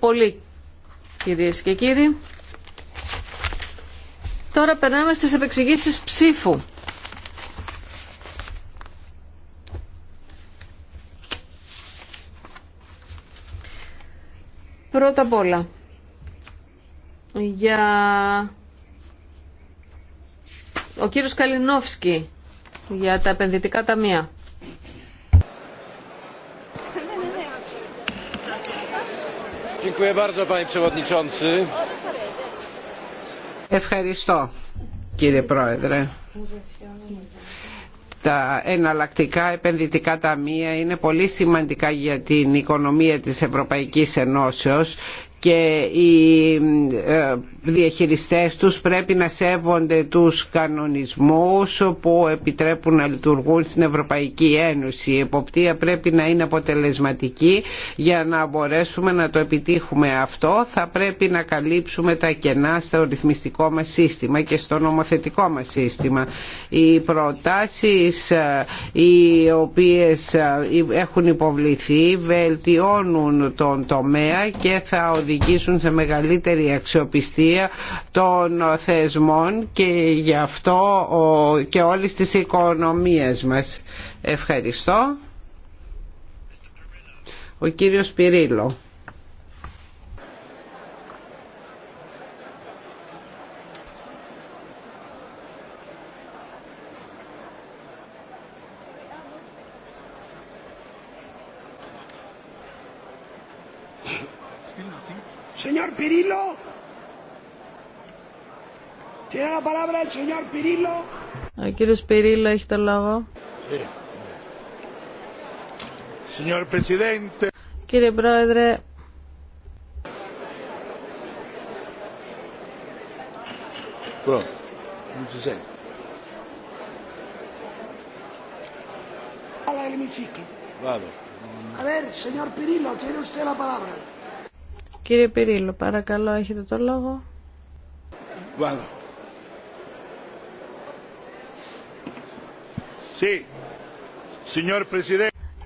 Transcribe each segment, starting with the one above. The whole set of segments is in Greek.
πολύ κυρίες και κύριοι. Τώρα περνάμε στις επεξηγήσεις ψήφου. Πρώτα απ' όλα, για... ο κύριος Καλινόφσκι για τα επενδυτικά ταμεία. Ευχαριστώ κύριε Πρόεδρε. Τα εναλλακτικά επενδυτικά ταμεία είναι πολύ σημαντικά για την οικονομία της Ευρωπαϊκής Ενώσεως και οι ε, διαχειριστές τους πρέπει να σέβονται τους κανονισμούς που επιτρέπουν να λειτουργούν στην Ευρωπαϊκή Ένωση. Η εποπτεία πρέπει να είναι αποτελεσματική για να μπορέσουμε να το επιτύχουμε αυτό. Θα πρέπει να καλύψουμε τα κενά στο ρυθμιστικό μας σύστημα και στο νομοθετικό μας σύστημα. Οι προτάσεις ε, οι οποίες ε, έχουν υποβληθεί βελτιώνουν τον τομέα και θα οδηγήσουν οδηγήσουν σε μεγαλύτερη αξιοπιστία των θεσμών και γι' αυτό και όλες τις οικονομίες μας. Ευχαριστώ. Ο κύριος Πυρίλο. Ο κύριο Πυρίλο έχει το λόγο. Ε, ε. Κύριε Πρόεδρε. Κύριε Πυρίλο, παρακαλώ, έχετε το λόγο.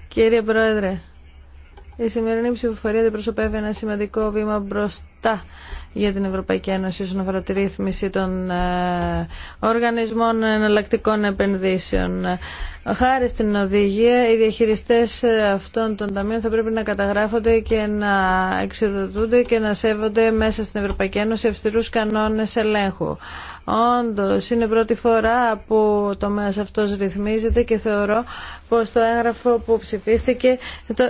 Κύριε Πρόεδρε, η σημερινή ψηφοφορία δεν ένα σημαντικό βήμα μπροστά για την Ευρωπαϊκή Ένωση όσον αφορά τη ρύθμιση των ε, οργανισμών εναλλακτικών επενδύσεων. Χάρη στην οδηγία, οι διαχειριστές αυτών των ταμείων θα πρέπει να καταγράφονται και να εξοδοτούνται και να σέβονται μέσα στην Ευρωπαϊκή Ένωση αυστηρούς κανόνες ελέγχου. Όντω, είναι πρώτη φορά που το τομέα αυτό ρυθμίζεται και θεωρώ πω το έγγραφο που ψηφίστηκε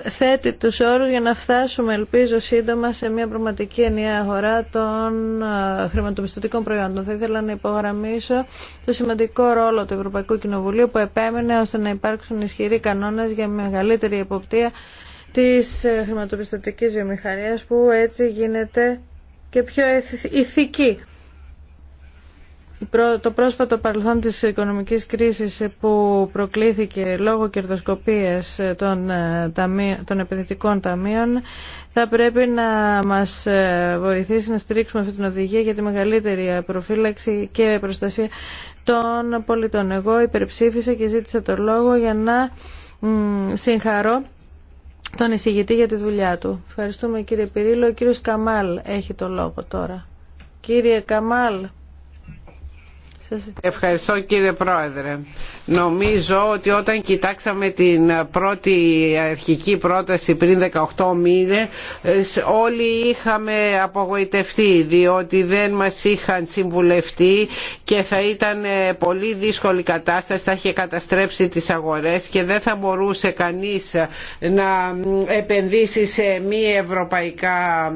θέτει του όρου για να φτάσουμε, ελπίζω, σύντομα σε μια πραγματική μια αγορά των ε, χρηματοπιστωτικών προϊόντων. Θα ήθελα να υπογραμμίσω το σημαντικό ρόλο του Ευρωπαϊκού Κοινοβουλίου που επέμεινε ώστε να υπάρξουν ισχυροί κανόνες για μεγαλύτερη εποπτεία της ε, χρηματοπιστωτικής βιομηχανίας που έτσι γίνεται και πιο ηθική. Το πρόσφατο παρελθόν της οικονομικής κρίσης που προκλήθηκε λόγω κερδοσκοπίας των, ε, των επενδυτικών ταμείων θα πρέπει να μας ε, βοηθήσει να στηρίξουμε αυτή την οδηγία για τη μεγαλύτερη προφύλαξη και προστασία των πολιτών. Εγώ υπερψήφισα και ζήτησα το λόγο για να συγχαρώ τον εισηγητή για τη δουλειά του. Ευχαριστούμε κύριε Πυρίλο. Ο κύριος Καμάλ έχει το λόγο τώρα. Κύριε Καμάλ. Ευχαριστώ κύριε Πρόεδρε. Νομίζω ότι όταν κοιτάξαμε την πρώτη αρχική πρόταση πριν 18 μήνες όλοι είχαμε απογοητευτεί διότι δεν μας είχαν συμβουλευτεί και θα ήταν ε, πολύ δύσκολη κατάσταση, θα είχε καταστρέψει τις αγορές και δεν θα μπορούσε κανείς ε, να επενδύσει σε μη ευρωπαϊκά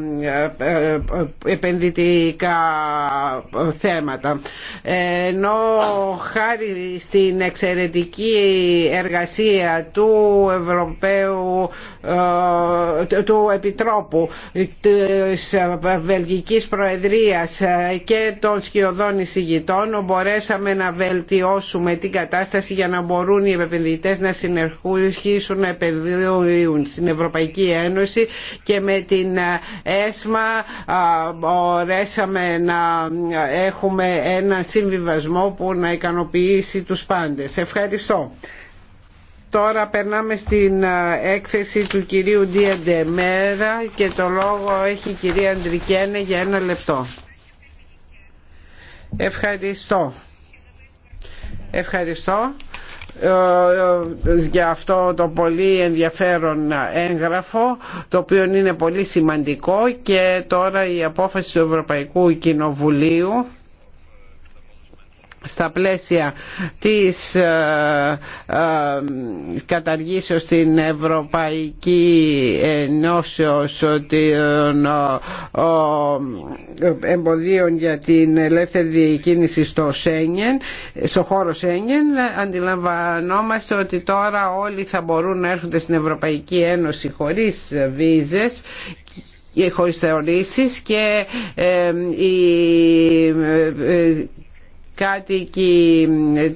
ε, επενδυτικά θέματα ενώ χάρη στην εξαιρετική εργασία του Ευρωπαίου ε, του Επιτρόπου της Βελγικής Προεδρίας και των σκιωδών εισηγητών μπορέσαμε να βελτιώσουμε την κατάσταση για να μπορούν οι επενδυτές να συνεχίσουν να επενδύουν στην Ευρωπαϊκή Ένωση και με την ΕΣΜΑ ε, μπορέσαμε να έχουμε ένα συμβιβασμό που να ικανοποιήσει τους πάντες. Ευχαριστώ. Τώρα περνάμε στην ε, έκθεση του κυρίου μέρα και το λόγο έχει η κυρία Αντρικένε για ένα λεπτό. Ευχαριστώ. Ευχαριστώ ε, ε, για αυτό το πολύ ενδιαφέρον έγγραφο το οποίο είναι πολύ σημαντικό και τώρα η απόφαση του Ευρωπαϊκού Κοινοβουλίου στα πλαίσια της ε, ε, καταργήσεως στην Ευρωπαϊκή Ενώσεως των ε, εμποδίων για την ελεύθερη διακίνηση στο στο χώρο Σέγγεν αντιλαμβανόμαστε ότι τώρα όλοι θα μπορούν να έρχονται στην Ευρωπαϊκή Ένωση χωρίς βίζες χωρίς θεωρήσεις και κάτοικοι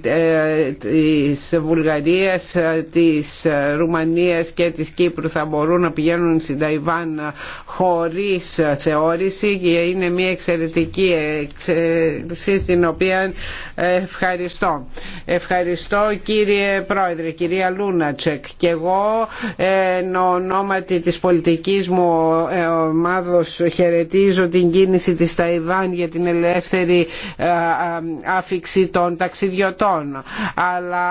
ε, της Βουλγαρίας, της Ρουμανίας και της Κύπρου θα μπορούν να πηγαίνουν στην Ταϊβάν χωρίς θεώρηση και είναι μια εξαιρετική εξέλιξη στην οποία ευχαριστώ. Ευχαριστώ κύριε Πρόεδρε, κυρία Λούνατσεκ και εγώ ε, εν ονόματι της πολιτικής μου ομάδος χαιρετίζω την κίνηση της Ταϊβάν για την ελεύθερη ε, άφηξη των ταξιδιωτών αλλά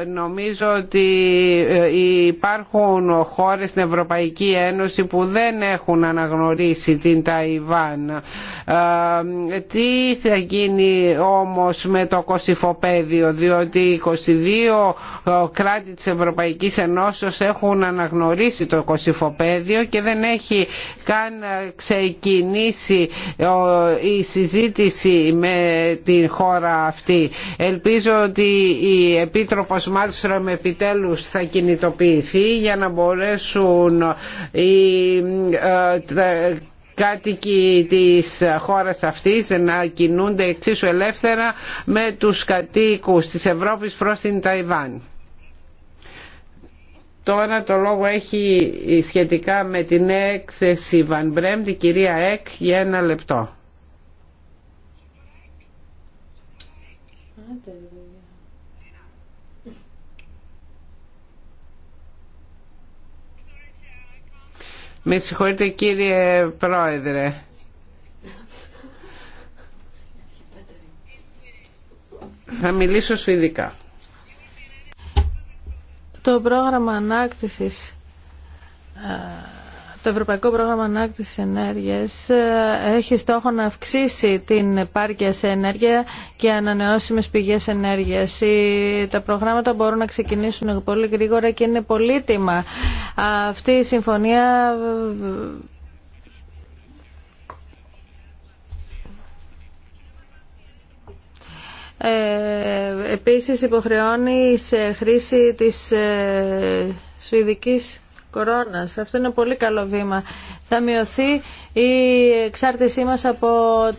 ε, νομίζω ότι ε, υπάρχουν χώρες στην Ευρωπαϊκή Ένωση που δεν έχουν αναγνωρίσει την Ταϊβάν ε, τι θα γίνει όμως με το κοσυφοπέδιο διότι 22 κράτη της Ευρωπαϊκής Ενώσεως έχουν αναγνωρίσει το κοσυφοπέδιο και δεν έχει καν ξεκινήσει η συζήτηση με τη χώρα αυτή. Ελπίζω ότι η Επίτροπος Μάλστρομ επιτέλους θα κινητοποιηθεί για να μπορέσουν οι ε, κάτοικοι της χώρας αυτής να κινούνται εξίσου ελεύθερα με τους κατοίκους της Ευρώπης προς την Ταϊβάν. Τώρα το λόγο έχει σχετικά με την έκθεση Βαν Μπρέμ, την κυρία Εκ, για ένα λεπτό. Με συγχωρείτε κύριε Πρόεδρε. Θα μιλήσω σου ειδικά. Το πρόγραμμα ανάκτησης το Ευρωπαϊκό Πρόγραμμα Ανάκτησης Ενέργειας ε, έχει στόχο να αυξήσει την επάρκεια σε ενέργεια και ανανεώσιμες πηγές ενέργειας. Τα προγράμματα μπορούν να ξεκινήσουν πολύ γρήγορα και είναι πολύτιμα. Αυτή η συμφωνία Ε, επίσης υποχρεώνει σε χρήση της ε, σουηδικής αυτό είναι πολύ καλό βήμα. Θα μειωθεί η εξάρτησή μα από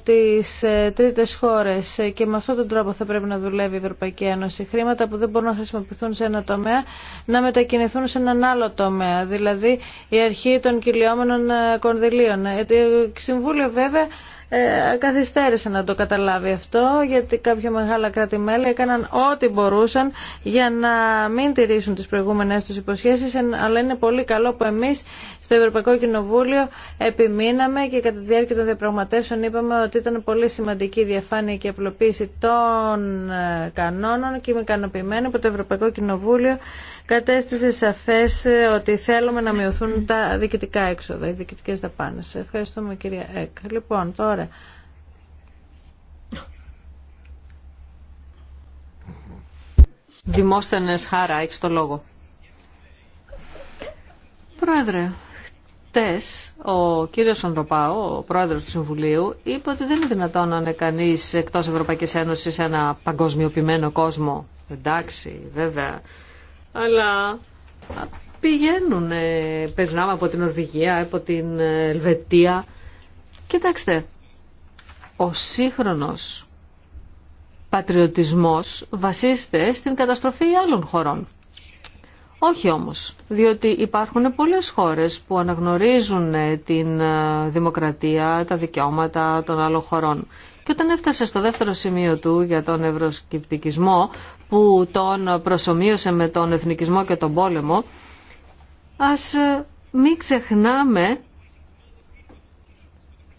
τις ε, τρίτες χώρες και με αυτόν τον τρόπο θα πρέπει να δουλεύει η Ευρωπαϊκή Ένωση. Χρήματα που δεν μπορούν να χρησιμοποιηθούν σε ένα τομέα να μετακινηθούν σε έναν άλλο τομέα, δηλαδή η αρχή των κυλιόμενων ε, κονδυλίων. Ε, το Συμβούλιο βέβαια ε, καθυστέρησε να το καταλάβει αυτό γιατί κάποια μεγάλα κράτη-μέλη έκαναν ό,τι μπορούσαν για να μην τηρήσουν τις προηγούμενες τους υποσχέσεις αλλά είναι πολύ καλό που εμείς στο Ευρωπαϊκό Κοινοβούλιο επιμείναμε και κατά τη διάρκεια των διαπραγματεύσεων είπαμε ότι ήταν πολύ σημαντική η διαφάνεια και η απλοποίηση των ε, κανόνων και είμαι ικανοποιημένη που το Ευρωπαϊκό Κοινοβούλιο κατέστησε σαφές ε, ότι θέλουμε να μειωθούν τα διοικητικά έξοδα, οι διοικητικές δαπάνες. Ευχαριστούμε κυρία Εκ. Λοιπόν, τώρα... Δημόσθενες Χάρα, έχεις το λόγο. Πρόεδρε, χτες ο κύριος Ανδροπάου, ο πρόεδρος του Συμβουλίου, είπε ότι δεν είναι δυνατόν να είναι κανείς εκτός Ευρωπαϊκής Ένωσης ένα παγκοσμιοποιημένο κόσμο. Εντάξει, βέβαια, αλλά πηγαίνουν, περνάμε από την Ορβηγία, από την Ελβετία. Κοιτάξτε, ο σύγχρονος πατριωτισμός βασίζεται στην καταστροφή άλλων χωρών. Όχι όμως, διότι υπάρχουν πολλές χώρες που αναγνωρίζουν την ε, δημοκρατία, τα δικαιώματα των άλλων χωρών. Και όταν έφτασε στο δεύτερο σημείο του για τον ευρωσκεπτικισμό που τον προσωμείωσε με τον εθνικισμό και τον πόλεμο, ας ε, μην ξεχνάμε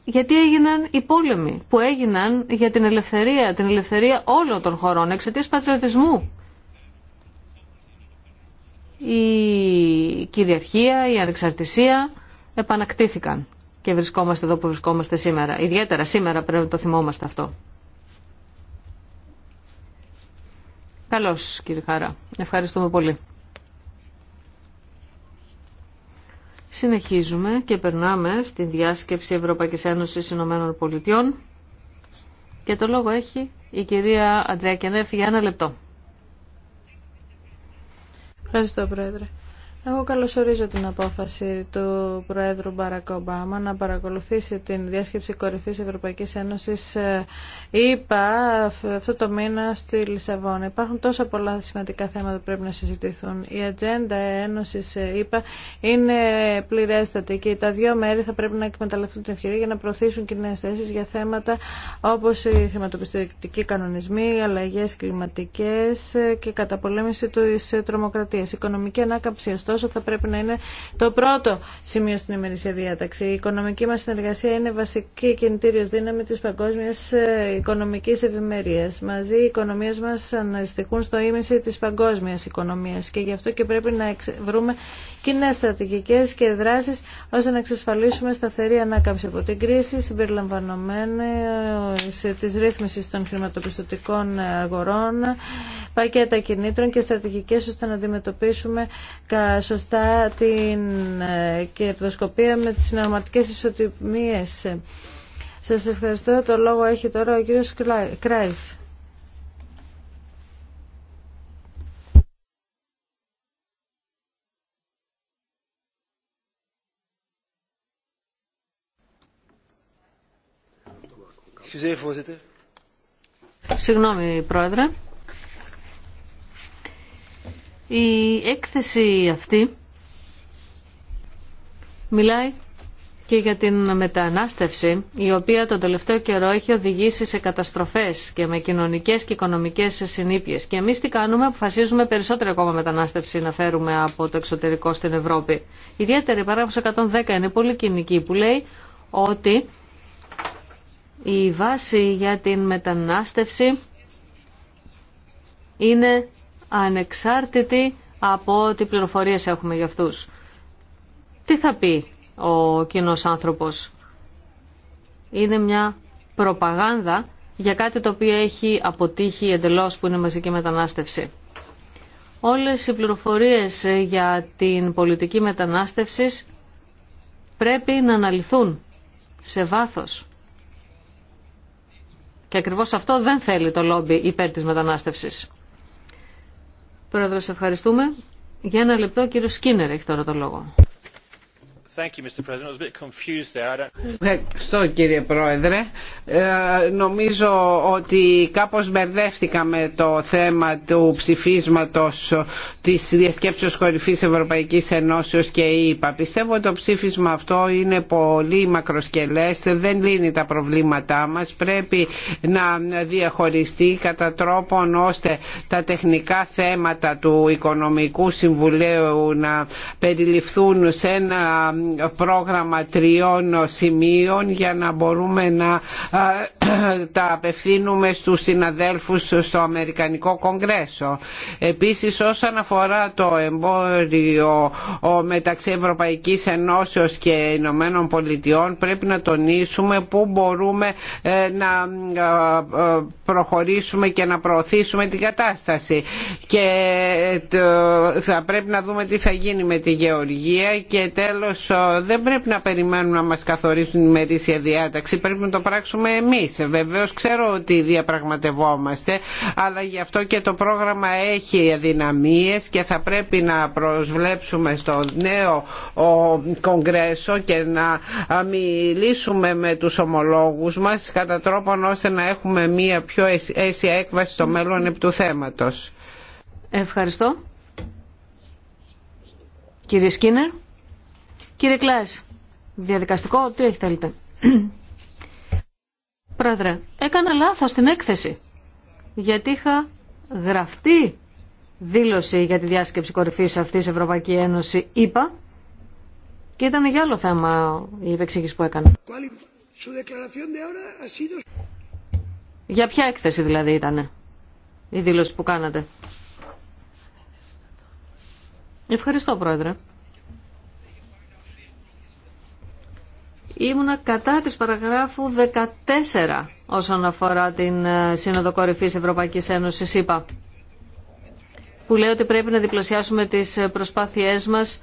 γιατί έγιναν οι πόλεμοι που έγιναν για την ελευθερία, την ελευθερία όλων των χωρών εξαιτίας πατριωτισμού. Η κυριαρχία, η ανεξαρτησία επανακτήθηκαν και βρισκόμαστε εδώ που βρισκόμαστε σήμερα. Ιδιαίτερα σήμερα πρέπει να το θυμόμαστε αυτό. Καλώς κύριε Χάρα. Ευχαριστούμε πολύ. Συνεχίζουμε και περνάμε στην διάσκεψη Ευρωπαϊκής Ένωσης Ηνωμένων Πολιτειών και το λόγο έχει η κυρία Αντρέα Κενέφη για ένα λεπτό. Ευχαριστώ Πρόεδρε. Εγώ καλωσορίζω την απόφαση του Προέδρου Μπαρακ Ομπάμα να παρακολουθήσει την διάσκεψη κορυφής Ευρωπαϊκής Ένωσης ΙΠΑ ε, αυτό το μήνα στη Λισαβόνα. Υπάρχουν τόσα πολλά σημαντικά θέματα που πρέπει να συζητηθούν. Η ατζέντα Ένωσης ΙΠΑ ε, είναι πληρέστατη και τα δύο μέρη θα πρέπει να εκμεταλλευτούν την ευκαιρία για να προωθήσουν κοινέ θέσει για θέματα όπως οι χρηματοπιστωτικοί κανονισμοί, οι αλλαγές κλιματικές ε, και καταπολέμηση της τρομοκρατίας, οικονομική ανάκαμψη ωστόσο θα πρέπει να είναι το πρώτο σημείο στην ημερήσια διάταξη. Η οικονομική μας συνεργασία είναι βασική κινητήριος δύναμη της παγκόσμιας ε, οικονομικής ευημερίας. Μαζί οι οικονομίες μας αναστοιχούν στο ίμιση της παγκόσμιας οικονομίας και γι' αυτό και πρέπει να βρούμε κοινέ στρατηγικές και δράσεις ώστε να εξασφαλίσουμε σταθερή ανάκαμψη από την κρίση συμπεριλαμβανομένη ε, της ρύθμισης των χρηματοπιστωτικών αγορών, πακέτα κινήτρων και στρατηγικές ώστε να αντιμετωπίσουμε σωστά την ε, κερδοσκοπία με τις συναρματικές ισοτιμίες. Σας ευχαριστώ. Το λόγο έχει τώρα ο κύριος Κράης. Συγγνώμη, Πρόεδρε. Η έκθεση αυτή μιλάει και για την μετανάστευση, η οποία τον τελευταίο καιρό έχει οδηγήσει σε καταστροφές και με κοινωνικές και οικονομικές συνήπιες. Και εμείς τι κάνουμε, αποφασίζουμε περισσότερο ακόμα μετανάστευση να φέρουμε από το εξωτερικό στην Ευρώπη. Ιδιαίτερη η παράγραφος 110 είναι πολύ κοινική που λέει ότι η βάση για την μετανάστευση είναι ανεξάρτητοι από ό,τι πληροφορίες έχουμε για αυτούς. Τι θα πει ο κοινό άνθρωπος. Είναι μια προπαγάνδα για κάτι το οποίο έχει αποτύχει εντελώς που είναι μαζική μετανάστευση. Όλες οι πληροφορίες για την πολιτική μετανάστευση πρέπει να αναλυθούν σε βάθος. Και ακριβώς αυτό δεν θέλει το λόμπι υπέρ της μετανάστευσης. Πρόεδρος, ευχαριστούμε. Για ένα λεπτό, κύριο Σκίνερ έχει τώρα το λόγο. Ευχαριστώ κύριε Πρόεδρε. Ε, νομίζω ότι κάπως μπερδεύτηκα με το θέμα του ψηφίσματος της Διασκέψεως Κορυφής Ευρωπαϊκής Ενώσεως και είπα, Πιστεύω ότι το ψήφισμα αυτό είναι πολύ μακροσκελές, δεν λύνει τα προβλήματά μας. Πρέπει να διαχωριστεί κατά τρόπον ώστε τα τεχνικά θέματα του Οικονομικού Συμβουλίου να περιληφθούν σε ένα πρόγραμμα τριών σημείων για να μπορούμε να ε, τα απευθύνουμε στους συναδέλφους στο Αμερικανικό Κογκρέσο. Επίσης όσον αφορά το εμπόριο μεταξύ Ευρωπαϊκής Ενώσεως και Ηνωμένων Πολιτειών πρέπει να τονίσουμε πού μπορούμε ε, να ε, προχωρήσουμε και να προωθήσουμε την κατάσταση και θα πρέπει να δούμε τι θα γίνει με τη γεωργία και τέλος δεν πρέπει να περιμένουν να μας καθορίσουν η μερίσια διάταξη, πρέπει να το πράξουμε εμείς. Βεβαίως ξέρω ότι διαπραγματευόμαστε, αλλά γι' αυτό και το πρόγραμμα έχει αδυναμίες και θα πρέπει να προσβλέψουμε στο νέο κογκρέσο και να μιλήσουμε με τους ομολόγους μας κατά τρόπον ώστε να έχουμε μία πιο αίσια έκβαση στο μέλλον του θέματος. Ευχαριστώ. Κύριε Σκίνερ. Κύριε Κλάς, διαδικαστικό, τι έχει θέλετε. Πρόεδρε, έκανα λάθος στην έκθεση, γιατί είχα γραφτεί δήλωση για τη διάσκεψη κορυφής αυτής Ευρωπαϊκή Ένωση, είπα, και ήταν για άλλο θέμα η επεξήγηση που έκανα. Για ποια έκθεση δηλαδή ήταν η δήλωση που κάνατε. Ευχαριστώ, Πρόεδρε. ήμουνα κατά της παραγράφου 14 όσον αφορά την ε, Σύνοδο Κορυφής Ευρωπαϊκής Ένωσης είπα, που λέει ότι πρέπει να διπλασιάσουμε τις προσπάθειές μας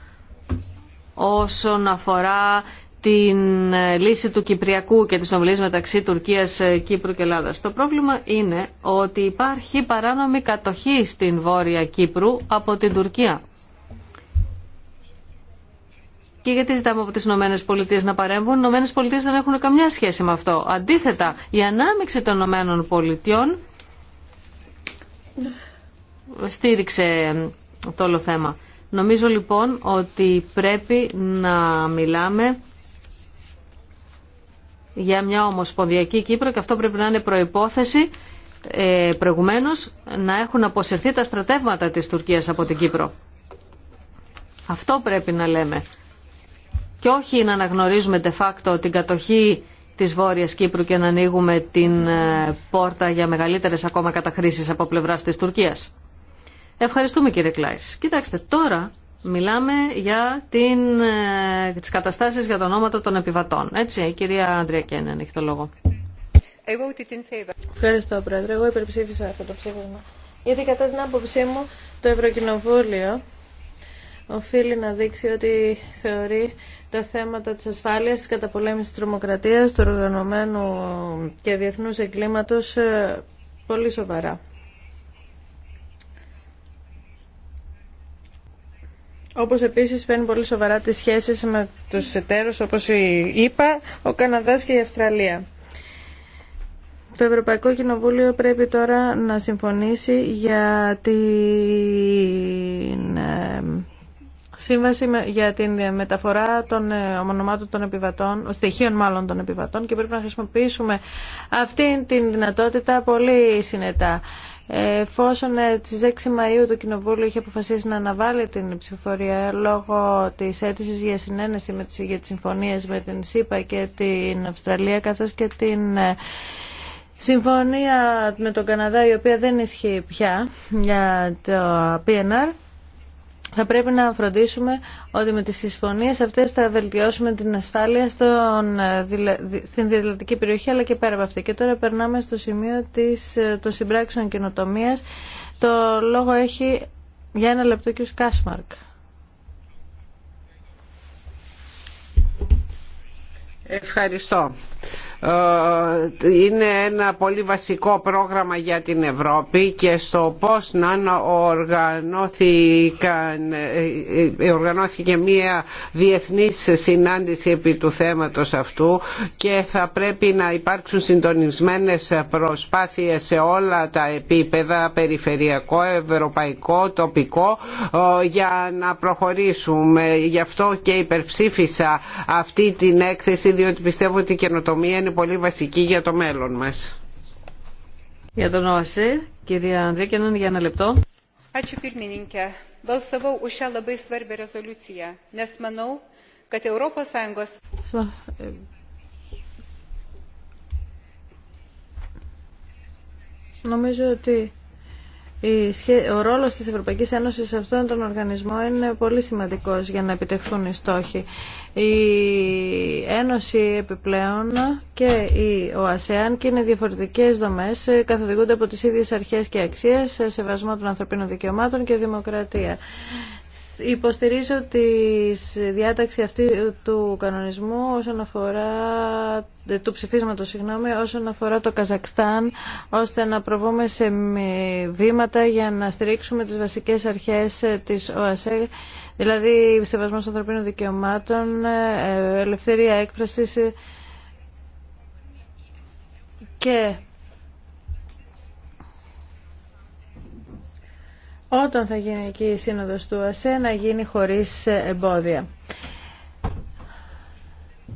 όσον αφορά την ε, λύση του Κυπριακού και της ομιλής μεταξύ Τουρκίας, ε, Κύπρου και Ελλάδας. Το πρόβλημα είναι ότι υπάρχει παράνομη κατοχή στην Βόρεια Κύπρου από την Τουρκία. Και γιατί ζητάμε από τι πολιτείε να παρέμβουν. Οι ΗΠΑ δεν έχουν καμιά σχέση με αυτό. Αντίθετα, η ανάμειξη των ΗΠΑ στήριξε το όλο θέμα. Νομίζω λοιπόν ότι πρέπει να μιλάμε για μια ομοσπονδιακή Κύπρο και αυτό πρέπει να είναι προϋπόθεση ε, προηγουμένως να έχουν αποσυρθεί τα στρατεύματα της Τουρκίας από την Κύπρο. Αυτό πρέπει να λέμε και όχι να αναγνωρίζουμε de facto την κατοχή της Βόρειας Κύπρου και να ανοίγουμε την ε, πόρτα για μεγαλύτερες ακόμα καταχρήσεις από πλευράς της Τουρκίας. Ευχαριστούμε κύριε Κλάις. Κοιτάξτε, τώρα μιλάμε για την, ε, τις καταστάσεις για το ονόματα των επιβατών. Έτσι, η κυρία Άντρια Κένεν έχει το λόγο. Ευχαριστώ, Πρόεδρε. Εγώ υπερψήφισα αυτό το ψήφισμα. Γιατί κατά την άποψή μου το Ευρωκοινοβούλιο οφείλει να δείξει ότι θεωρεί τα θέματα της ασφάλειας, της καταπολέμησης της τρομοκρατίας, του οργανωμένου και διεθνούς εγκλήματος ε, πολύ σοβαρά. Όπως επίσης παίρνει πολύ σοβαρά τις σχέσεις με τους εταίρους όπως είπα, ο Καναδάς και η Αυστραλία. Το Ευρωπαϊκό Κοινοβούλιο πρέπει τώρα να συμφωνήσει για την ε, σύμβαση για τη μεταφορά των ε, ομονομάτων των επιβατών, στοιχείων μάλλον των επιβατών και πρέπει να χρησιμοποιήσουμε αυτή την δυνατότητα πολύ συνετά. Εφόσον ε, στις 6 Μαου το Κοινοβούλιο είχε αποφασίσει να αναβάλει την ψηφοφορία λόγω τη αίτηση για συνένεση με τις, για τι συμφωνίε με την ΣΥΠΑ και την Αυστραλία καθώ και την ε, συμφωνία με τον Καναδά η οποία δεν ισχύει πια για το PNR θα πρέπει να φροντίσουμε ότι με τις συμφωνίες αυτές θα βελτιώσουμε την ασφάλεια στον, ε, στην διδατική περιοχή αλλά και πέρα από αυτή. Και τώρα περνάμε στο σημείο της, ε, των συμπράξεων καινοτομία. Το λόγο έχει για ένα λεπτό και ο Σκάσμαρκ. Ευχαριστώ. Ε, είναι ένα πολύ βασικό πρόγραμμα για την Ευρώπη και στο πώς να ε, ε, οργανώθηκε μία διεθνής συνάντηση επί του θέματος αυτού και θα πρέπει να υπάρξουν συντονισμένες προσπάθειες σε όλα τα επίπεδα περιφερειακό, ευρωπαϊκό, τοπικό για να προχωρήσουμε. Γι' αυτό και υπερψήφισα αυτή την έκθεση διότι πιστεύω ότι η καινοτομία είναι πολύ βασική για το μέλλον μας. Για τον ΟΑΣΕ, κυρία Ανδρίκενον, για ένα λεπτό. Νομίζω ότι ο ρόλος της Ευρωπαϊκής Ένωσης σε αυτόν τον οργανισμό είναι πολύ σημαντικός για να επιτευχθούν οι στόχοι. Η Ένωση επιπλέον και ο Ασεαν και είναι διαφορετικές δομές, ε, καθοδηγούνται από τις ίδιες αρχές και αξίες, σεβασμό των ανθρωπίνων δικαιωμάτων και δημοκρατία. Υποστηρίζω τη διάταξη αυτή του κανονισμού όσον αφορά ε, του ψηφίσματος, συγγνώμη, όσον αφορά το Καζακστάν, ώστε να προβούμε σε βήματα για να στηρίξουμε τις βασικές αρχές ε, της ΟΑΣΕ, δηλαδή σεβασμός ανθρωπίνων δικαιωμάτων, ε, ελευθερία έκφρασης και όταν θα γίνει εκεί η σύνοδος του ΑΣΕ να γίνει χωρίς εμπόδια.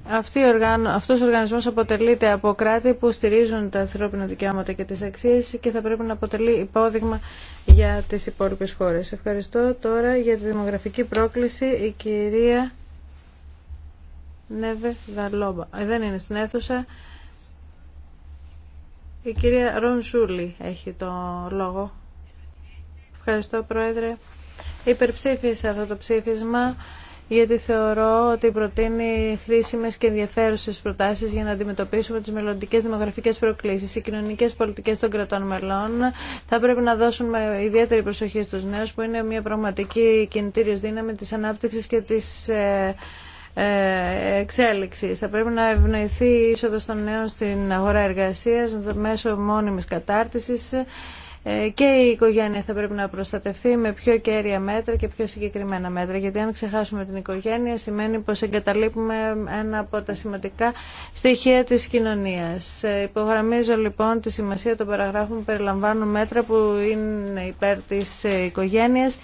Αυτή Αυτός ο οργανισμός αποτελείται από κράτη που στηρίζουν τα ανθρώπινα δικαιώματα και τις αξίες και θα πρέπει να αποτελεί υπόδειγμα για τις υπόλοιπες χώρες. Ευχαριστώ τώρα για τη δημογραφική πρόκληση η κυρία Νέβε Δαλόμπα. Ε, δεν είναι στην αίθουσα. Η κυρία Ρονσούλη έχει το λόγο. Ευχαριστώ, Πρόεδρε. Υπερψήφισα αυτό το ψήφισμα γιατί θεωρώ ότι προτείνει χρήσιμε και ενδιαφέρουσε προτάσει για να αντιμετωπίσουμε τι μελλοντικέ δημογραφικέ προκλήσει. Οι κοινωνικέ πολιτικέ των κρατών μελών θα πρέπει να δώσουν ιδιαίτερη προσοχή στου νέου, που είναι μια πραγματική κινητήριο δύναμη τη ανάπτυξη και τη ε, ε, εξέλιξη. Θα πρέπει να ευνοηθεί η είσοδο των νέων στην αγορά εργασία μέσω μόνιμη κατάρτιση ε, και η οικογένεια θα πρέπει να προστατευτεί με πιο κέρια μέτρα και πιο συγκεκριμένα μέτρα. Γιατί αν ξεχάσουμε την οικογένεια σημαίνει πως εγκαταλείπουμε ένα από τα σημαντικά στοιχεία της κοινωνίας. Ε, υπογραμμίζω λοιπόν τη σημασία των παραγράφων που περιλαμβάνουν μέτρα που είναι υπέρ της ε, οικογένειας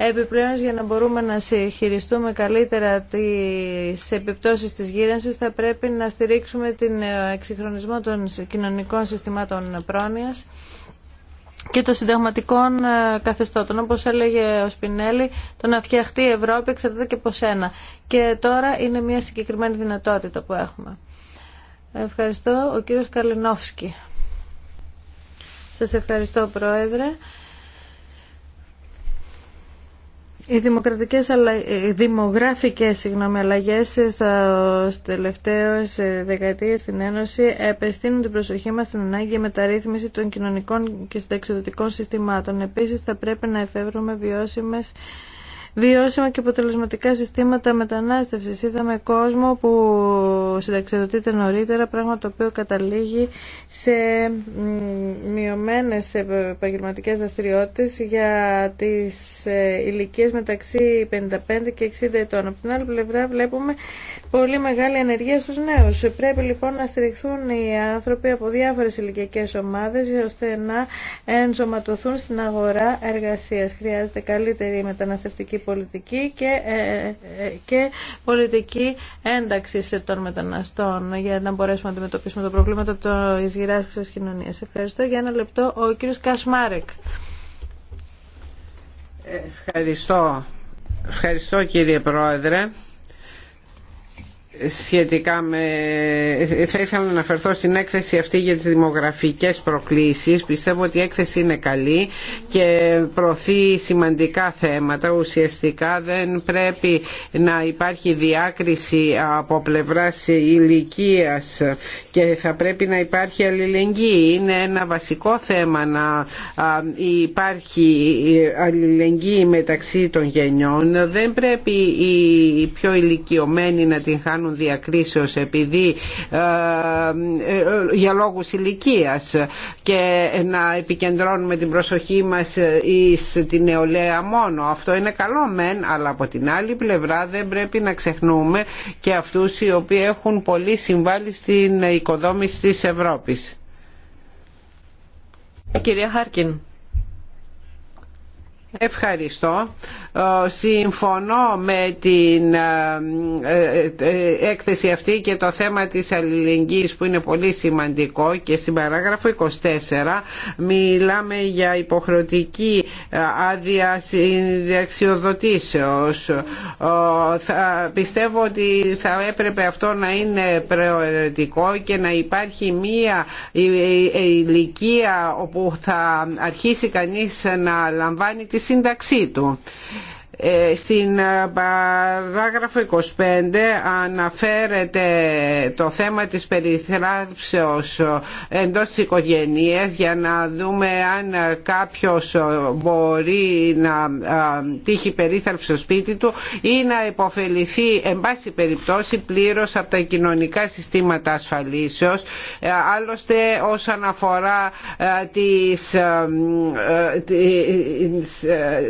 Επιπλέον, για να μπορούμε να συγχειριστούμε καλύτερα τις επιπτώσεις της γύρανσης, θα πρέπει να στηρίξουμε την εξυγχρονισμό των κοινωνικών συστημάτων πρόνοιας και των συνταγματικών ε, καθεστώτων. όπω έλεγε ο Σπινέλη, το να φτιαχτεί η Ευρώπη εξαρτάται και από σένα. Και τώρα είναι μια συγκεκριμένη δυνατότητα που έχουμε. Ευχαριστώ. Ο κύριος Καλινόφσκι. Σας ευχαριστώ, Πρόεδρε. Οι δημοκρατικές αλλαγέ Οι δημογραφικές συγγνώμη, αλλαγές στις τελευταίες δεκαετίες στην Ένωση επεστείνουν την προσοχή μας στην ανάγκη μεταρρύθμιση των κοινωνικών και συνταξιδοτικών συστημάτων. Επίσης θα πρέπει να εφεύρουμε βιώσιμες βιώσιμα και αποτελεσματικά συστήματα μετανάστευση. Είδαμε κόσμο που συνταξιδοτείται νωρίτερα, πράγμα το οποίο καταλήγει σε μειωμένε επαγγελματικέ δραστηριότητε για τις ε, ηλικίε μεταξύ 55 και 60 ετών. Από την άλλη πλευρά βλέπουμε πολύ μεγάλη ενεργία στους νέους. Πρέπει λοιπόν να στηριχθούν οι άνθρωποι από διάφορες ηλικιακέ ομάδες ώστε να ενσωματωθούν στην αγορά εργασίας. Χρειάζεται καλύτερη μεταναστευτική πολιτική και, ε, ε, ε, και πολιτική ένταξη των μεταναστών για να μπορέσουμε να αντιμετωπίσουμε το προβλήματα της γυράσκουσας κοινωνίας. Ευχαριστώ. Για ένα λεπτό ο κύριος Κασμάρεκ. Ευχαριστώ. Ευχαριστώ κύριε Πρόεδρε σχετικά με... Θα ήθελα να αναφερθώ στην έκθεση αυτή για τις δημογραφικές προκλήσεις. Πιστεύω ότι η έκθεση είναι καλή και προωθεί σημαντικά θέματα. Ουσιαστικά δεν πρέπει να υπάρχει διάκριση από πλευράς ηλικίας και θα πρέπει να υπάρχει αλληλεγγύη. Είναι ένα βασικό θέμα να υπάρχει αλληλεγγύη μεταξύ των γενιών. Δεν πρέπει οι πιο ηλικιωμένοι να την χάνουν κάνουν διακρίσεως επειδή ε, ε, για λόγους ηλικίας και να επικεντρώνουμε την προσοχή μας εις την νεολαία μόνο. Αυτό είναι καλό μεν, αλλά από την άλλη πλευρά δεν πρέπει να ξεχνούμε και αυτούς οι οποίοι έχουν πολύ συμβάλει στην οικοδόμηση της Ευρώπης. Κυρία Χάρκιν. Ευχαριστώ. Ε, συμφωνώ με την ε, ε, έκθεση αυτή και το θέμα της αλληλεγγύης που είναι πολύ σημαντικό και στην παράγραφο 24 μιλάμε για υποχρεωτική άδεια συνδεξιοδοτήσεως. πιστεύω ότι θα έπρεπε αυτό να είναι προαιρετικό και να υπάρχει μία ηλικία όπου θα αρχίσει κανείς να λαμβάνει τη σύνταξή του. Ε, στην ε, παράγραφο 25 αναφέρεται το θέμα της περιθράψεως ε, εντός της οικογένειας για να δούμε αν κάποιος μπορεί να τύχει περίθαλψη στο σπίτι του ή να υποφεληθεί εν πάση περιπτώσει πλήρως από τα κοινωνικά συστήματα ασφαλίσεως άλλωστε όσον αφορά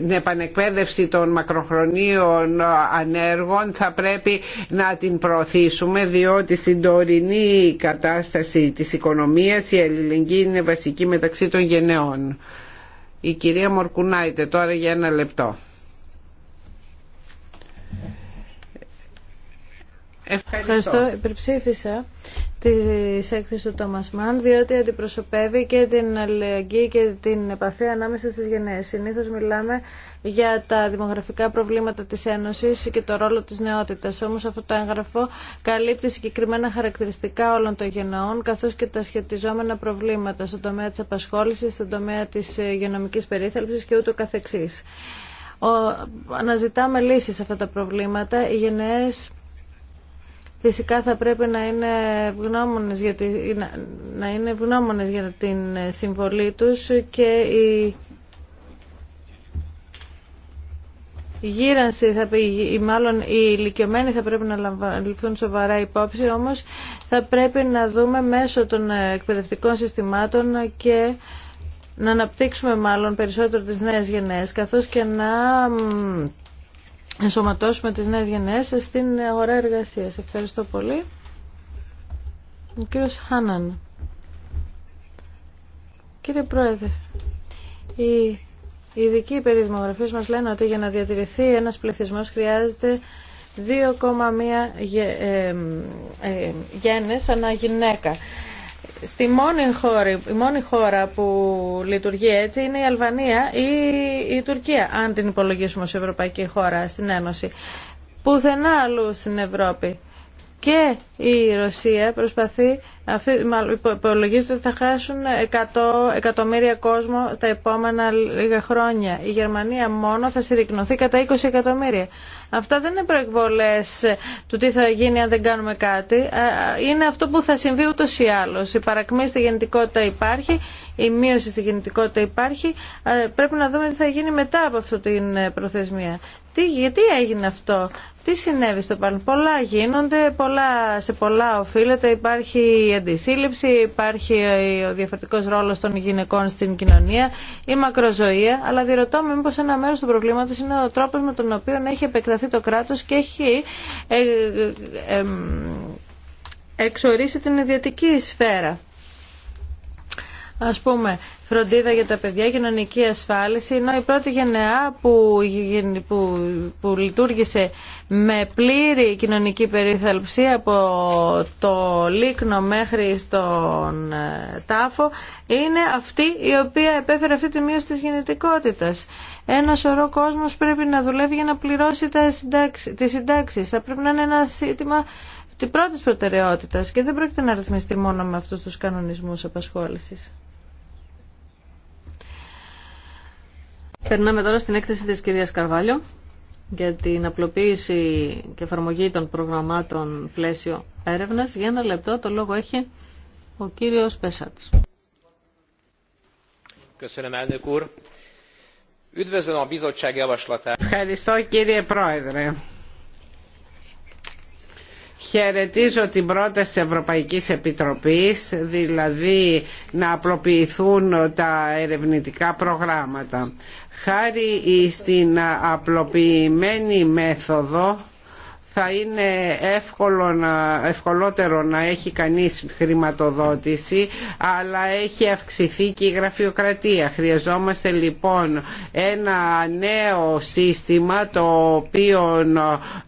την επανεκπαίδευση των μακροχρονίων ανέργων θα πρέπει να την προωθήσουμε διότι στην τωρινή κατάσταση της οικονομίας η αλληλεγγύη είναι βασική μεταξύ των γενεών. Η κυρία Μορκουνάιτε τώρα για ένα λεπτό. Ευχαριστώ. Ευχαριστώ. Τη έκθεση του Τόμα Μαν, διότι αντιπροσωπεύει και την αλληλεγγύη και την επαφή ανάμεσα στις γενναίες. Συνήθως μιλάμε για τα δημογραφικά προβλήματα της Ένωσης και το ρόλο της νεότητας. Όμως αυτό το έγγραφο καλύπτει συγκεκριμένα χαρακτηριστικά όλων των γενναών, καθώς και τα σχετιζόμενα προβλήματα στον τομέα της απασχόλησης, στον τομέα της υγειονομική περίθαλψης και ούτω καθεξής. αναζητάμε λύσεις σε αυτά τα προβλήματα. Οι γενναίες Φυσικά θα πρέπει να είναι ευγνώμονες για, να, είναι για την συμβολή τους και η Η γύρανση, θα πει, ή μάλλον οι ηλικιωμένοι θα πρέπει να λαμβανθούν σοβαρά υπόψη, όμως θα πρέπει να δούμε μέσω των εκπαιδευτικών συστημάτων και να αναπτύξουμε μάλλον περισσότερο τις νέες γενναίες, καθώς και να ενσωματώσουμε τις νέες γενναίες στην αγορά εργασίας. Ευχαριστώ πολύ. Ο κύριος Χάναν. Κύριε Πρόεδρε, οι ειδικοί περιδημογραφείς μας λένε ότι για να διατηρηθεί ένας πληθυσμός χρειάζεται 2,1 ε, ε, ε, γένες ανά γυναίκα. Στη μόνη χώρα, η μόνη χώρα που λειτουργεί έτσι είναι η Αλβανία ή η Τουρκία, αν την υπολογίσουμε ως ευρωπαϊκή χώρα στην Ένωση. Πουθενά αλλού στην Ευρώπη. Και η Ρωσία προσπαθεί υπολογίζεται ότι θα χάσουν 100 εκατομμύρια κόσμο τα επόμενα λίγα χρόνια. Η Γερμανία μόνο θα συρρυκνωθεί κατά 20 εκατομμύρια. Αυτά δεν είναι προεκβολέ του τι θα γίνει αν δεν κάνουμε κάτι. Είναι αυτό που θα συμβεί ούτω ή άλλω. Η παρακμή στη γεννητικότητα υπάρχει, η μείωση στη γεννητικότητα υπάρχει. Πρέπει να δούμε τι θα γίνει μετά από αυτή την ε, προθεσμία. Τι, γιατί έγινε αυτό, τι συνέβη στο παρελθόν. Πολλά γίνονται, πολλά, σε πολλά οφείλεται, υπάρχει αντισύλληψη, υπάρχει ο διαφορετικό ρόλο των γυναικών στην κοινωνία, η μακροζωία, αλλά διερωτώ με μήπω ένα μέρος του προβλήματος είναι ο τρόπος με τον οποίο έχει επεκταθεί το κράτος και έχει ε, ε, ε, εξορίσει την ιδιωτική σφαίρα ας πούμε, φροντίδα για τα παιδιά, κοινωνική ασφάλιση, ενώ η πρώτη γενεά που, που, που λειτουργήσε με πλήρη κοινωνική περίθαλψη από το λίκνο μέχρι στον ε, τάφο, είναι αυτή η οποία επέφερε αυτή τη μείωση της γεννητικότητας. Ένα σωρό κόσμος πρέπει να δουλεύει για να πληρώσει τα συντάξεις, τις συντάξεις. Θα πρέπει να είναι ένα σύντημα τη πρώτη προτεραιότητα και δεν πρόκειται να ρυθμιστεί μόνο με αυτού του κανονισμού απασχόληση. Περνάμε τώρα στην έκθεση της κυρίας Καρβάλιο για την απλοποίηση και εφαρμογή των προγραμμάτων πλαίσιο έρευνας. Για ένα λεπτό το λόγο έχει ο κύριος Πέσατς. Ευχαριστώ κύριε Πρόεδρε. Χαιρετίζω την πρόταση Ευρωπαϊκής Επιτροπής, δηλαδή να απλοποιηθούν τα ερευνητικά προγράμματα. Χάρη στην απλοποιημένη μέθοδο θα είναι εύκολο να, ευκολότερο να έχει κανείς χρηματοδότηση αλλά έχει αυξηθεί και η γραφειοκρατία. Χρειαζόμαστε λοιπόν ένα νέο σύστημα το οποίο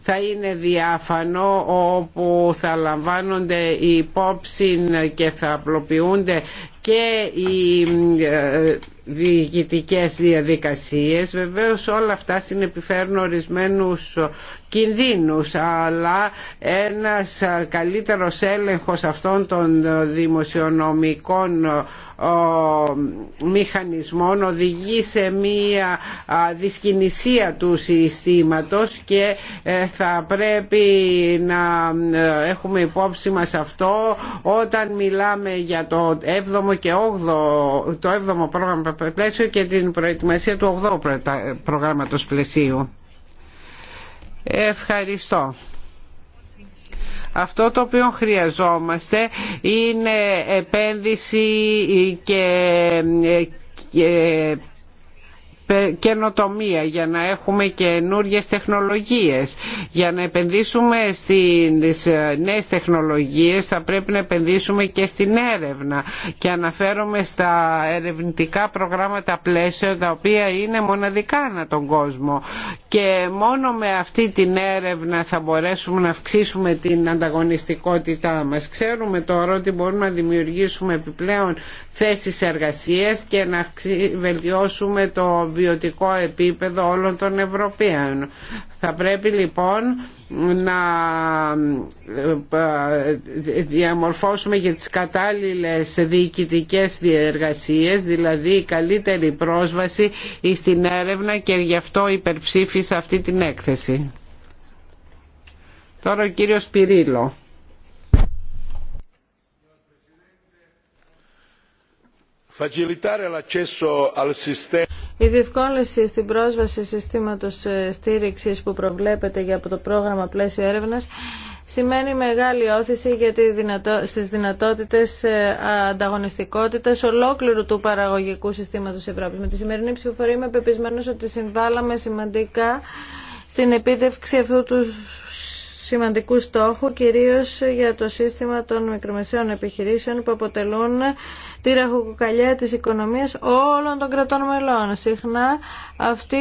θα είναι διάφανο όπου θα λαμβάνονται οι υπόψη και θα απλοποιούνται και οι ε, διοικητικές διαδικασίες. Βεβαίως όλα αυτά συνεπιφέρουν ορισμένους κινδύνους αλλά ένας καλύτερος έλεγχος αυτών των δημοσιονομικών μηχανισμών οδηγεί σε μία δυσκινησία του συστήματος και ε, θα πρέπει να ε, έχουμε υπόψη μας αυτό όταν μιλάμε για το 7ο και 8 το 7ο πρόγραμμα πλαίσιο και την προετοιμασία του 8ου προγράμματος πλαισίου. Ευχαριστώ. Αυτό το οποίο χρειαζόμαστε είναι επένδυση και καινοτομία, για να έχουμε καινούριε τεχνολογίες. Για να επενδύσουμε στις ε, νέες τεχνολογίες θα πρέπει να επενδύσουμε και στην έρευνα και αναφέρομαι στα ερευνητικά προγράμματα πλαίσιο τα οποία είναι μοναδικά ανά τον κόσμο και μόνο με αυτή την έρευνα θα μπορέσουμε να αυξήσουμε την ανταγωνιστικότητά μας. Ξέρουμε τώρα ότι μπορούμε να δημιουργήσουμε επιπλέον θέσεις εργασίας και να βελτιώσουμε το βιωτικό επίπεδο όλων των Ευρωπαίων. Θα πρέπει λοιπόν να ε, ε, διαμορφώσουμε για τις κατάλληλες διοικητικές διεργασίες, δηλαδή καλύτερη πρόσβαση στην έρευνα και γι' αυτό υπερψήφισα αυτή την έκθεση. Τώρα ο κύριος Πυρίλο. Facilitare l'accesso al sistema η διευκόλυνση στην πρόσβαση συστήματος ε, στήριξης που προβλέπεται για το πρόγραμμα πλαίσιο έρευνας σημαίνει μεγάλη όθηση γιατί δυνατό, στις δυνατότητες ε, ανταγωνιστικότητας ολόκληρου του παραγωγικού συστήματος Ευρώπης. Με τη σημερινή ψηφοφορία είμαι πεπισμένος ότι συμβάλαμε σημαντικά στην επίτευξη αυτού του σημαντικού στόχου, κυρίως για το σύστημα των μικρομεσαίων επιχειρήσεων που αποτελούν τη ραχοκοκαλιά της οικονομίας όλων των κρατών μελών. Συχνά αυτοί,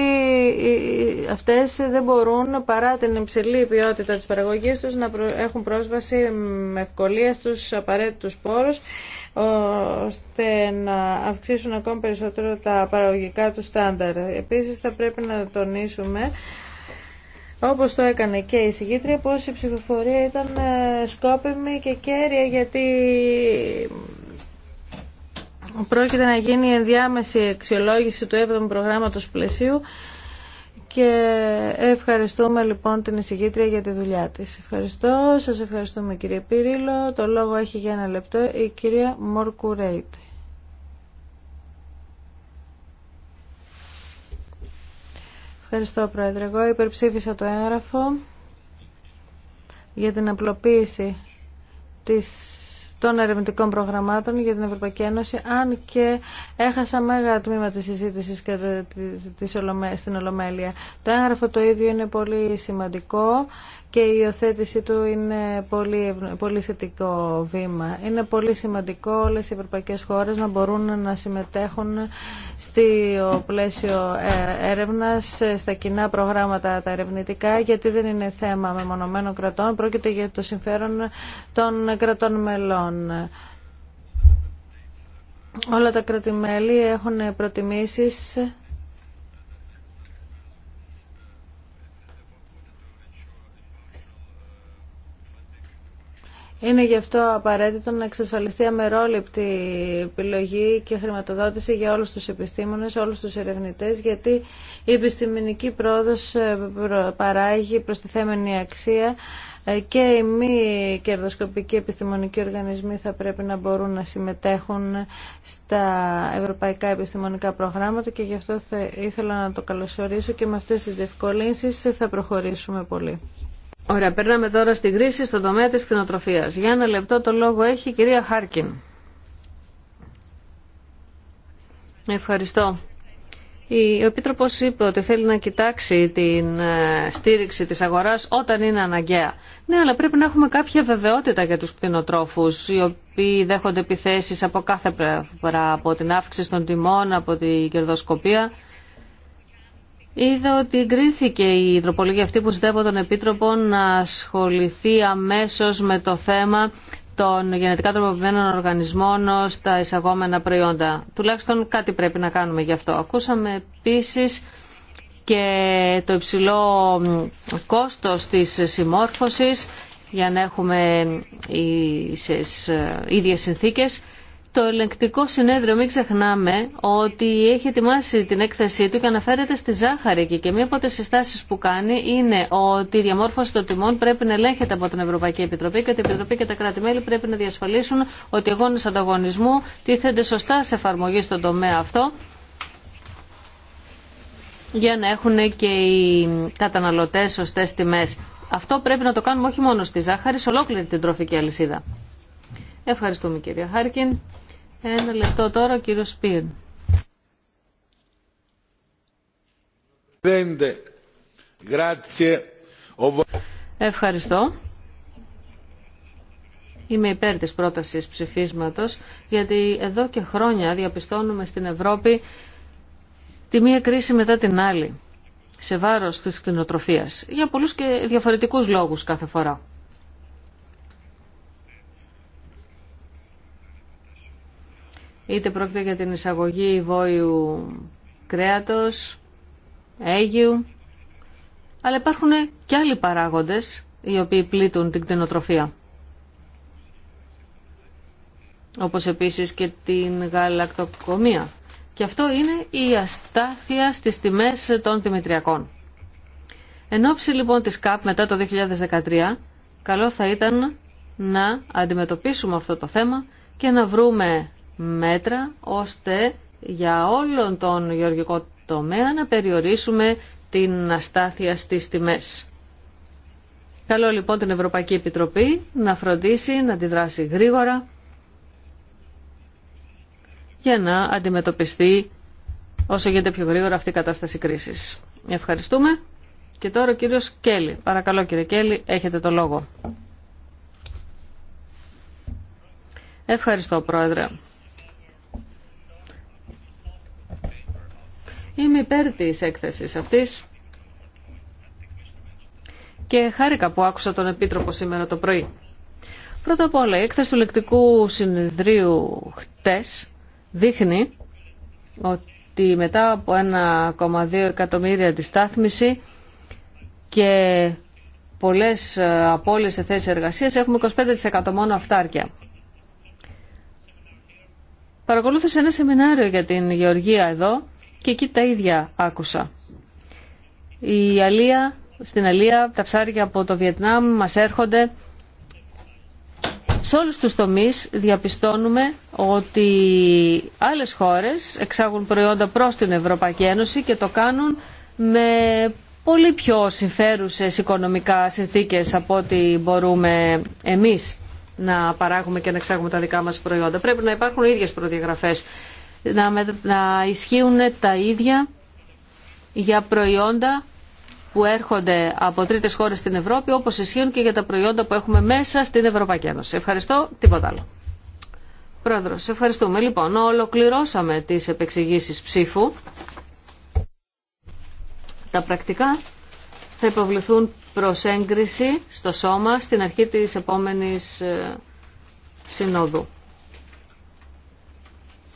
αυτές δεν μπορούν παρά την υψηλή ποιότητα της παραγωγής τους να έχουν πρόσβαση με ευκολία στους απαραίτητους πόρους ώστε να αυξήσουν ακόμη περισσότερο τα παραγωγικά του στάνταρ. Επίσης θα πρέπει να τονίσουμε όπως το έκανε και η συγκήτρια, πως η ψηφοφορία ήταν ε, σκόπιμη και κέρια γιατί πρόκειται να γίνει η ενδιάμεση αξιολόγηση του 7ου προγράμματος πλαισίου και ευχαριστούμε λοιπόν την εισηγήτρια για τη δουλειά της. Ευχαριστώ, σας ευχαριστούμε κύριε Πύριλο. Το λόγο έχει για ένα λεπτό η κυρία Μορκουρέιτη. Ευχαριστώ, Πρόεδρε. Εγώ υπερψήφισα το έγγραφο για την απλοποίηση της των ερευνητικών προγραμμάτων για την Ευρωπαϊκή Ένωση, αν και έχασα μέγα τμήμα της συζήτησης στην Ολομέλεια. Το έγγραφο το ίδιο είναι πολύ σημαντικό και η υιοθέτησή του είναι πολύ, πολύ θετικό βήμα. Είναι πολύ σημαντικό όλες οι ευρωπαϊκές χώρες να μπορούν να συμμετέχουν στο πλαίσιο ε, έρευνας, ε, στα κοινά προγράμματα τα ερευνητικά, γιατί δεν είναι θέμα μεμονωμένων κρατών, πρόκειται για το συμφέρον των κρατών μελών. Όλα τα κρατημέλη έχουν προτιμήσεις Είναι γι' αυτό απαραίτητο να εξασφαλιστεί αμερόληπτη επιλογή και χρηματοδότηση για όλους τους επιστήμονες, όλους τους ερευνητές, γιατί η επιστημονική πρόοδος ε, παράγει προστιθέμενη αξία ε, και οι μη κερδοσκοπικοί επιστημονικοί οργανισμοί θα πρέπει να μπορούν να συμμετέχουν στα ευρωπαϊκά επιστημονικά προγράμματα και γι' αυτό ήθελα να το καλωσορίσω και με αυτές τις διευκολύνσεις θα προχωρήσουμε πολύ. Ωραία, περνάμε τώρα στην κρίση στον τομέα της κτηνοτροφίας. Για ένα λεπτό το λόγο έχει η κυρία Χάρκιν. Ευχαριστώ. Ο Επίτροπος είπε ότι θέλει να κοιτάξει την ε, στήριξη της αγοράς όταν είναι αναγκαία. Ναι, αλλά πρέπει να έχουμε κάποια βεβαιότητα για τους κτηνοτρόφους, οι οποίοι δέχονται επιθέσεις από κάθε πλευρά, από την αύξηση των τιμών, από την κερδοσκοπία. Είδα ότι εγκρίθηκε η τροπολογία αυτή που ζητάει τον Επίτροπο να ασχοληθεί αμέσως με το θέμα των γενετικά τροποποιημένων οργανισμών στα εισαγόμενα προϊόντα. Τουλάχιστον κάτι πρέπει να κάνουμε γι' αυτό. Ακούσαμε επίσης και το υψηλό κόστος της συμμόρφωσης για να έχουμε οι ε, ίδιες συνθήκες. Το ελεγκτικό συνέδριο, μην ξεχνάμε, ότι έχει ετοιμάσει την έκθεσή του και αναφέρεται στη ζάχαρη και, και μία από τι συστάσει που κάνει είναι ότι η διαμόρφωση των τιμών πρέπει να ελέγχεται από την Ευρωπαϊκή Επιτροπή και ότι η Επιτροπή και τα κράτη-μέλη πρέπει να διασφαλίσουν ότι οι αγώνε ανταγωνισμού τίθενται σωστά σε εφαρμογή στον τομέα αυτό για να έχουν και οι καταναλωτέ σωστέ τιμέ. Αυτό πρέπει να το κάνουμε όχι μόνο στη ζάχαρη, σε ολόκληρη την τροφική αλυσίδα. Ευχαριστούμε κυρία Χάρκιν. Ένα λεπτό τώρα κύριο Σπύρν. Ευχαριστώ. Είμαι υπέρ της πρότασης ψηφίσματος, γιατί εδώ και χρόνια διαπιστώνουμε στην Ευρώπη τη μία κρίση μετά την άλλη, σε βάρος της κτηνοτροφίας, για πολλούς και διαφορετικούς λόγους κάθε φορά. είτε πρόκειται για την εισαγωγή βόηου κρέατος, αίγιου, αλλά υπάρχουν και άλλοι παράγοντες οι οποίοι πλήττουν την κτηνοτροφία. Όπως επίσης και την γαλακτοκομία. Και αυτό είναι η αστάθεια στις τιμές των δημητριακών. Εν ώψη λοιπόν της ΚΑΠ μετά το 2013, καλό θα ήταν να αντιμετωπίσουμε αυτό το θέμα και να βρούμε μέτρα ώστε για όλον τον γεωργικό τομέα να περιορίσουμε την αστάθεια στις τιμές. Καλό λοιπόν την Ευρωπαϊκή Επιτροπή να φροντίσει να αντιδράσει γρήγορα για να αντιμετωπιστεί όσο γίνεται πιο γρήγορα αυτή η κατάσταση κρίσης. Ευχαριστούμε. Και τώρα ο κύριος Κέλλη. Παρακαλώ κύριε Κέλλη, έχετε το λόγο. Ευχαριστώ πρόεδρε. Είμαι υπέρ της έκθεσης αυτής και χάρηκα που άκουσα τον Επίτροπο σήμερα το πρωί. Πρώτα απ' όλα, η έκθεση του λεκτικού συνεδρίου χτες δείχνει ότι μετά από 1,2 εκατομμύρια αντιστάθμιση και πολλές ε, απώλειες σε θέσεις εργασίας έχουμε 25% μόνο αυτάρκεια. Παρακολούθησε ένα σεμινάριο για την Γεωργία εδώ και εκεί τα ίδια άκουσα. Η αλία, στην αλία τα ψάρια από το Βιετνάμ μας έρχονται. Σε όλους τους τομείς διαπιστώνουμε ότι άλλες χώρες εξάγουν προϊόντα προς την Ευρωπαϊκή Ένωση και το κάνουν με πολύ πιο συμφέρουσες οικονομικά συνθήκες από ό,τι μπορούμε εμείς να παράγουμε και να εξάγουμε τα δικά μας προϊόντα. Πρέπει να υπάρχουν ίδιες προδιαγραφές να ισχύουν τα ίδια για προϊόντα που έρχονται από τρίτες χώρες στην Ευρώπη, όπως ισχύουν και για τα προϊόντα που έχουμε μέσα στην Ευρωπαϊκή Ένωση. Ευχαριστώ, τίποτα άλλο. Πρόεδρος, ευχαριστούμε. Λοιπόν, ολοκληρώσαμε τις επεξηγήσεις ψήφου. Τα πρακτικά θα υποβληθούν προς έγκριση στο σώμα στην αρχή της επόμενης ε, συνόδου.